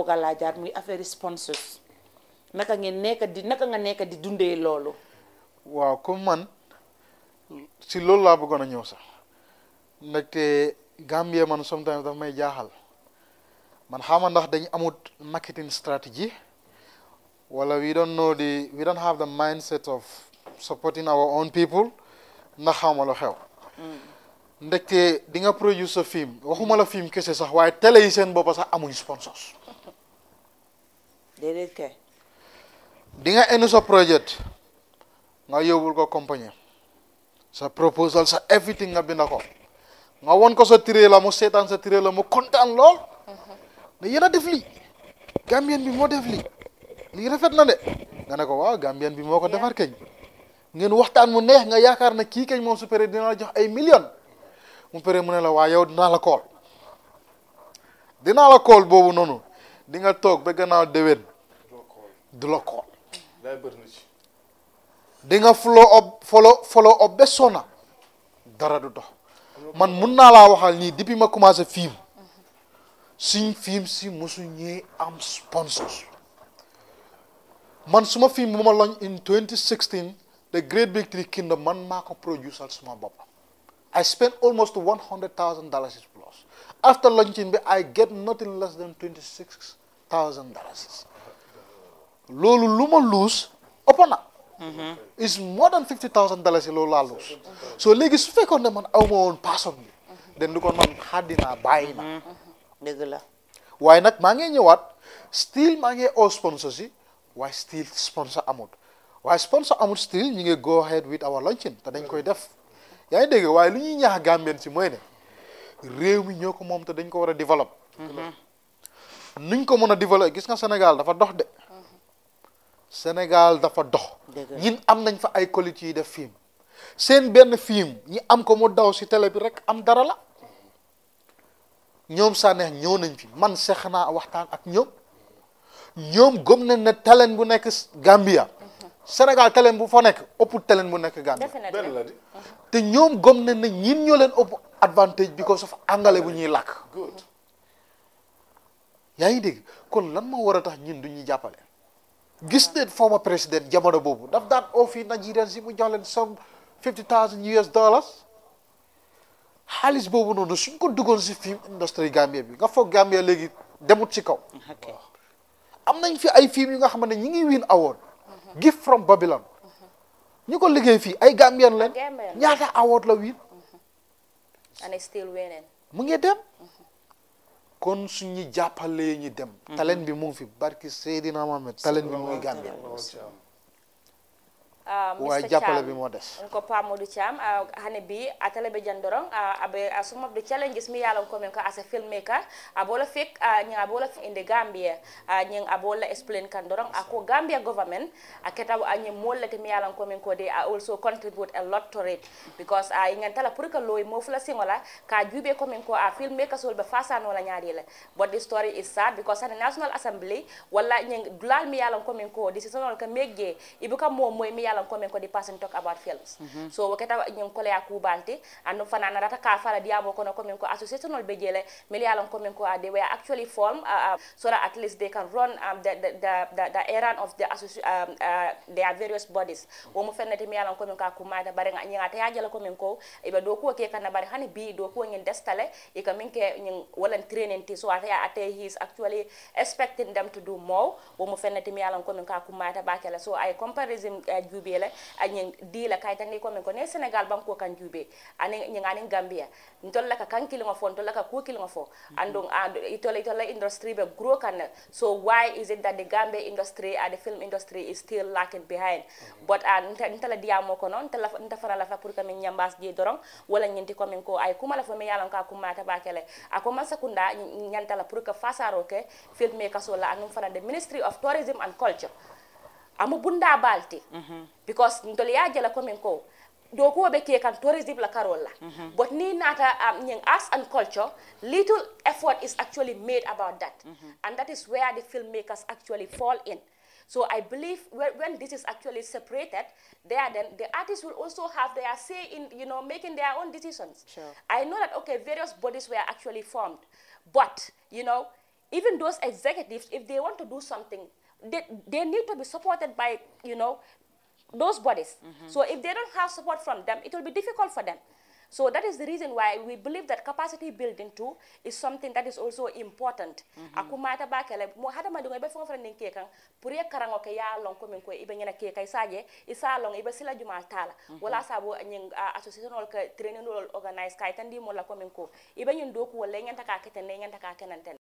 buga la jaar muy affaire sponsors naka ngeen nekk di naka nga nekk di dundee loolu. waaw comme man si loolu laa bëggoon a ñëw sax ndaxte Gambia man sometimes daf may jaaxal man xama ndax dañu amut marketing strategy wala we don't know the we don't have the mindset of supporting our own people ndax xama lu xew. Mm. ndaxte di nga produce sa film waxuma la film kese sax waaye télé yi seen sax amuñ sponsors déedéet kay. di nga enu sa projet nga yóbbul ko compagnie sa proposal sa everything nga binda nga won ko sa tiré la mo setan sa tiré la mo content lol mm-hmm. ne yena def li gambien bi mo def li li rafet na de nga ne ko waaw gambien bi moko defar keñ ngeen waxtan mu neex nga yakar na ki keñ mo superé dina la jox ay million mu pere mu ne la wa yow dina la kol dina la kol bobu nonu di nga tok be gannaaw du la day bëri ci di nga follow up follow follow up ba sona dara du dox man mun naa laa waxal nii depuis ma film suñ film si mosu ñee am sponsors man suma film bu lañ in 2016 the great big three kingdom man maa producer suma bopp I spent almost one hundred thousand dollars plus after launching I get nothing less than twenty six thousand dollars loolu lu ma luus ëpp na. Mhm. is more than fifty thousand dollars yi loolu laa luus. so léegi su fekkoon ne man aw ma woon paason bi. den du kon man xàddinaa bàyyi na. Mhm. la. waaye nag maa ngi ñëwaat still maa ngi oo sponsor si waaye still sponsor amut waaye sponsor amut still ñu ngi go ahead with our launching te dañ koy def yaa ngi dégg waaye lu ñuy ñaax Gambien si mooy ne réew mi ñoo ko moom te dañ ko war a développe mhm. nuñ ko mën a développe gis nga Sénégal dafa dox de. Sénégal dafa dox. ñin am nañ fa ay colit yuy def film seen benn film ñi am ko mu daw si tele bi rek am dara la ñoom Sanex ñëw nañ fi man seex naa waxtaan ak ñoom ñoom gëm nañ ne talent bu nekk Gambia. Uh-huh. Sénégal talent bu fa nekk ëpp talent bu nekk Gambia. Uh-huh. te ñoom gëm nañ ne ñin ñoo leen ëpp advantage because of angale bu ñuy làkk. yaa ngi dégg kon lan moo war a tax ñin du ñuy jàppale. gis neen former président jamono boobu daf daan oo fii Nigerians yi mu jox leen some fifty thousand US dollars xaalis boobu noonu suñ ko duggoon si film industrie Gambia bi nga foog Gambia léegi demut ci kaw. am nañ fi ay film yu nga xam ne ñi ngi win award. Mhm. gift from Babylon. Mhm. ñu ko liggéey fii ay Gambian leen. ñaata award la win. Mhm. and mu ngi dem. kon suñu jàppalee ñu dem. Mhm. talent bi mu ngi fi barki Seydina Mohamed talent bi mooy Gambia. Euh, waaye jàppale bi moo des euh, euh, ko pa modou thiam hane bi a télé ɓe jandoron aɓe sumabde challenges mi yalon komin ko asa filmmaker abola fek ñin abola inde gambia ñin abola explain kan doron ako gambia government a ketaw ñin mollete mi yalon komin ko de a also contribute a lot to it because a ingantala pour que loy mofula singola ka juɓe komin ko a filmmaker sol ɓe fasanola ñaadila but the story is sad because hane national assembly walla ñin dulal mi yalon komin ko décision ol ko megge ibuka mo moy mi yalon walan ko men ko di person talk about films mm-hmm. so so waketa nyum ko le akubante anu fanana rata ka fala diamo no ko men ko association ol bejele mel yalan ko men ko they were actually form, uh, uh, so that at least they can run um, the, the, the, the, errand of the um, uh, their various bodies wo mo fenete mi yalan ko men ko kumada bare nga nyata yajala ko men ko e be do ko ke kana bare hani bi do ko ngin destale e ka min ke nyen walan training ti so ate ate he is actually expecting them to do more wo mo fenete mi yalan ko men ko ba kala so I comparison uh, jubele anyin dila kay tan ko men ko ne senegal banko kan jube ani a gambia ntolla a kan kilingo fo ntolla ka ko kilingo fo andong and ah, itola itola industry be grow a so why is it that the gambia industry and the film industry is still lacking mm-hmm. ah, ko non ntala ntafara la fa pour kamen nyambas je dorong wala nyinti ko men ko ay kuma la fa me yalan ka kuma ke film me kasola anum fana the ministry of tourism and culture ama bunda balti mm -hmm. because ntoli ya komen ko do ko be ke kan tourism la karol mm -hmm. but ni nata um, nyang arts and culture little effort is actually made about that mm -hmm. and that is where the filmmakers actually fall in so I believe when, when this is actually separated, there then the artists will also have their say in you know making their own decisions. Sure. I know that okay, various bodies were actually formed, but you know even those executives, if they want to do something, they, they need to be supported by, you know, those bodies. Mm -hmm. So if they don't have support from them, it will be difficult for them. So that is the reason why we believe that capacity building too is something that is also important. Mm-hmm. Akumata ba kele mo hada madunga ibe fonga fren ninke kan puri karango ke ya long ko min ko ibe nyana ke kai saje isa long ibe sila juma tala mm-hmm. wala sabo nyin association ol ka training ol organize kai tandi mo la ko min ko ibe nyin doku wala nyen taka keten nyen taka kenan